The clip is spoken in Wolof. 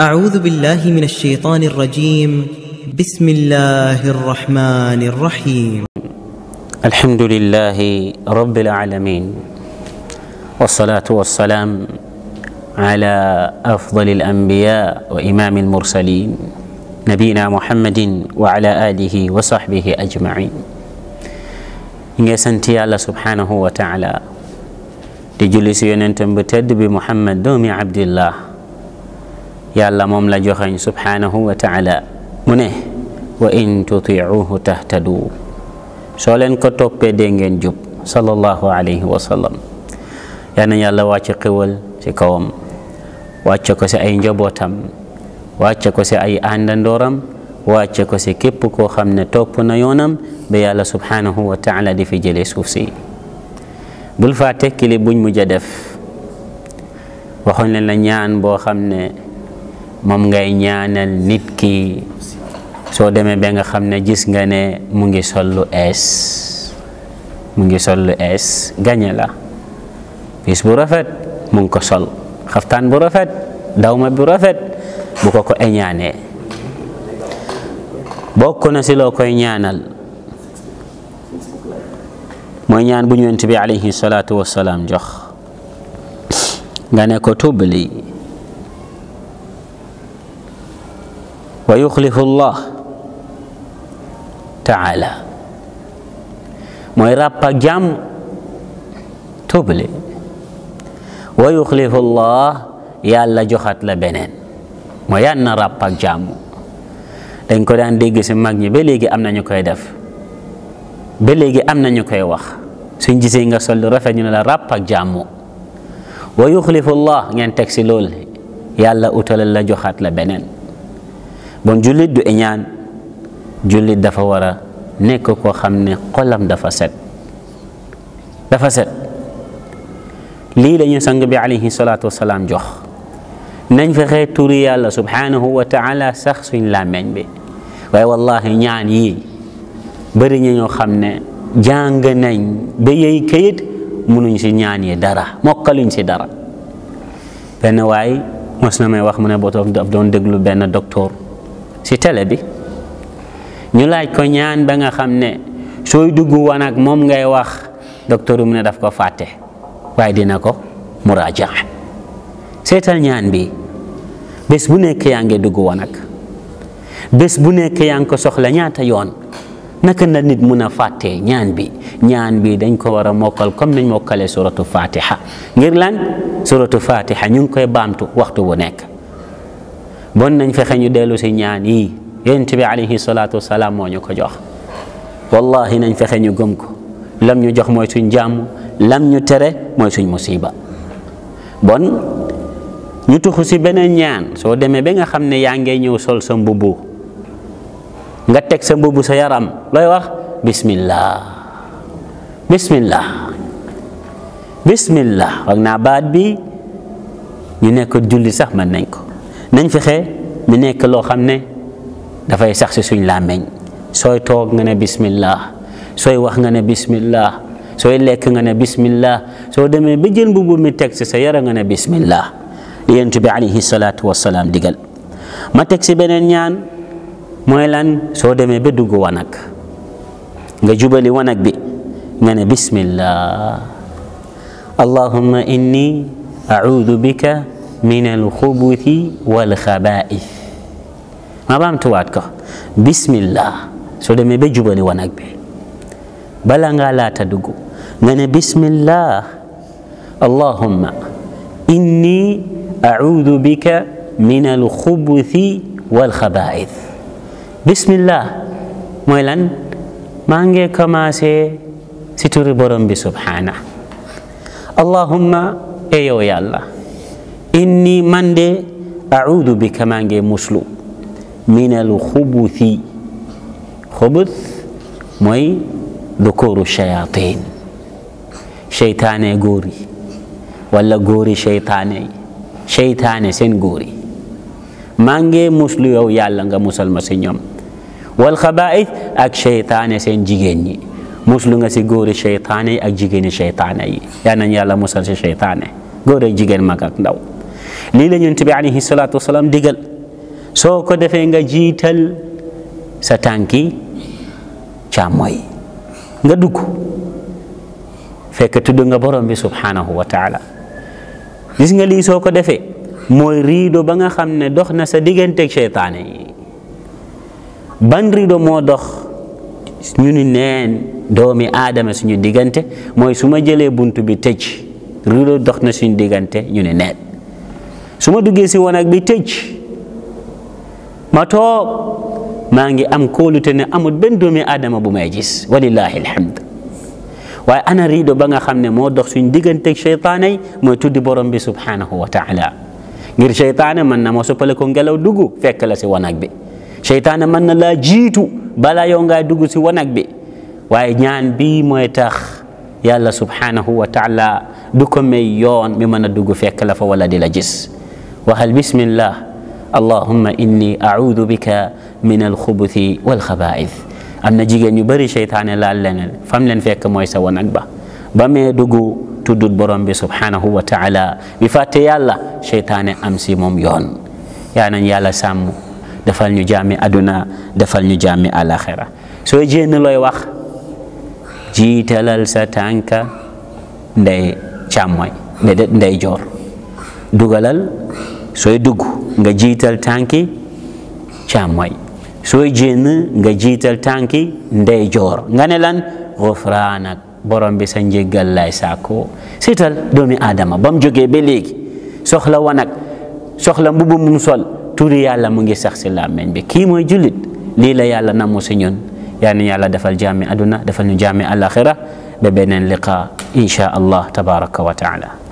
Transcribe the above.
أعوذ بالله من الشيطان الرجيم بسم الله الرحمن الرحيم الحمد لله رب العالمين والصلاة والسلام على أفضل الأنبياء وإمام المرسلين نبينا محمد وعلى آله وصحبه أجمعين إن يسنتي الله سبحانه وتعالى لجلس ينتم بتدب بمحمد دومي عبد الله يلا مملا جوخين سبحانه وتعالى منه وإن تطيعوه تهتدوا سولن كتوب دينجن جب صلى الله عليه وسلم يعني يلا واتش قول سيكوام واتش كو سي جبوتام واتش كو سي أي أندن دورام واتش كو سي كيب كو خمنا توب نيونام بيالا سبحانه وتعالى دي في جلي سوفسي بل فاتح كلي بوج مجدف waxon len la ñaan bo xamne mom ngay ñaanal nit ki so demee ba nga xam gis nga ne mu ngi sollu lu mu ngi sol lu ees la bis bu rafet mu ko sol xaftan bu rafet dawma bu rafet bu ko ko eñaanee bokku na si lo koy ñaanal moy ñaan bu ñu bi alayhi salatu wassalam jox nga ne ko tobli wa yuxlifu llah taala mooy ràpp ak jàmm tuubale wa yuxlifu llah yàlla joxat la beneen mooy yàlla na ràpp ak jàmm dañ ko daan dégg si mag ñi ba léegi am na koy def ba léegi am na koy wax suñ gisee nga sol rafet ñu ne la ràpp ak jàmm wa yuxlifu llah ngeen teg si lool yàlla utalal la joxaat la beneen bon jullit du iñaan jullit dafa war a nekk koo xam ne kolam dafa set dafa set lii la ñu sang bi alayhi salaatu wasalaam jox nañ fexe turi yàlla subhanahu wa taala sax suñ làmmeñ bi waaye wallahi ñaan yi bëri na ñoo xam ne jàng nañ ba yey kayit munuñ si ñaan yi dara mokkaluñ si dara benn waay mos na may wax mu ne boo doon déglu benn docteur si tele bi ñu laaj ko ñaan ba nga xam ne sooy dugg wanag moom ngay wax docteur mu ne daf ko fàtte waaye dina ko muraajaa seetal ñaan bi bés bu nekk yaa ngi dugg wanag bés bu nekk yaa ngi ko soxla ñaata yoon naka na nit mun a fàtte ñaan bi ñaan bi dañ ko war a mokkal comme nañ mokkalee suratu fatiha ngir lan suratu fatiha ñu ngi koy baamtu waxtu wu nekk bon nañ fexe ñu dellu si ñaan yi yonent bi alayhi salaatu salaam moo ñu ko jox wallahi nañ fexe ñu gëm ko lam ñu jox mooy suñ jàmm lam ñu tere mooy suñ musiba bon ñu tuxu si beneen ñaan soo demee ba nga xam ne yaa ngay ñëw sol sa mbubu nga teg sa mbubu sa yaram looy wax bismillah bismillah bismillah wax naa baat bi ñu nekk julli sax mën nañ ko nañ fexe mu nekk loo xam ne dafay sax suñ làmmeñ sooy toog nga ne bismillah sooy wax nga ne bismillah sooy lekk nga ne bismillah soo demee ba jël mbubu mi teg si sa yara nga ne bismillah li yonent bi alayhi salaat wasalaam digal ma teg si beneen ñaan mooy lan soo demee ba dugg wanag nga jubali wanag bi nga ne bismillah allahumma inni audu bika من الخبث والخبائث ما بام تواتك بسم الله سودا مي بجبني ونك بي بلا لا تدغو نانا بسم الله اللهم إني أعوذ بك من الخبث والخبائث بسم الله مولان مانجي كما سي ستوري برمبي سبحانه اللهم ايو يا الله إني من دي أعوذ بك من مسلو من الخبث خبث مي ذكور الشياطين شيطاني غوري ولا غوري شيطاني شيطاني سين غوري مانجي مسلو يو يالنغا مسلم سينيوم والخبائث أك شيطاني سين جيجيني مسلو نغا غوري شيطاني أك جيجيني شيطاني يعني يالا مسلسي شيطاني غوري جيجين مكاك داو lii la yonent bi alayhi salaatu salaam digal soo ko defee nga jiital sa tànki càmmooy nga dugg fekk tudd nga borom bi subhanahu wa taala gis nga lii soo ko defee mooy riido ba nga xam ne dox na sa digganteeg seytaane ban riido moo dox ñu ni neen doomi aadama suñu diggante mooy su ma jëlee bunt bi tëj riido dox na suñu diggante ñu ni neen su ma duggee si wanag bi tëj ma toog maa ngi am kóolute ne amut benn doomi aadama bu may gis walillahi alhamd waaye ana riido ba nga xam ne moo dox suñ digganteeg seytaane yi mooy tuddi borom bi subhanahu wa taala ngir seytaane mën na ma soppale ngelaw dugg fekk la si wanag bi seytaane mën na laa jiitu balaa yow ngaa dugg si wanag bi waaye ñaan bi mooy tax yàlla subhanahu wa taala du ko may yoon mi mën a dugg fekk fa wala di la gis waxal bismillah allahumma inni audu bika min alxubuthi walxabaith am na jigéen ñu bari seytaane laal leen fam leen fekk mooy sa wanag ba ba mee dugg tuddut borom wa taala bi fàtte yàlla seytaane am si moom yoon yaa nañ yàlla sàmm defal ñu jaami aduna defal ñu jaami alaxira soo jénn looy wax jiitalal sa tànka ndey joor dugalal sooy dugg nga jiital tànki càmmoñ sooy génn nga jiital tànki ndeyjoor nga ne lan gufraanak borom bi sa njéggal lay sàkkoo seetal doomi aadama ba mu jógee ba léegi soxla wanag soxla mbubu mu sol turi yàlla mu ngi sax si làmmeñ bi kii mooy jullit lii la yàlla namu si ñun yaa yàlla defal jaami aduna defal ñu jaami alaxira ba beneen liqa insha allah tabaraka wa taala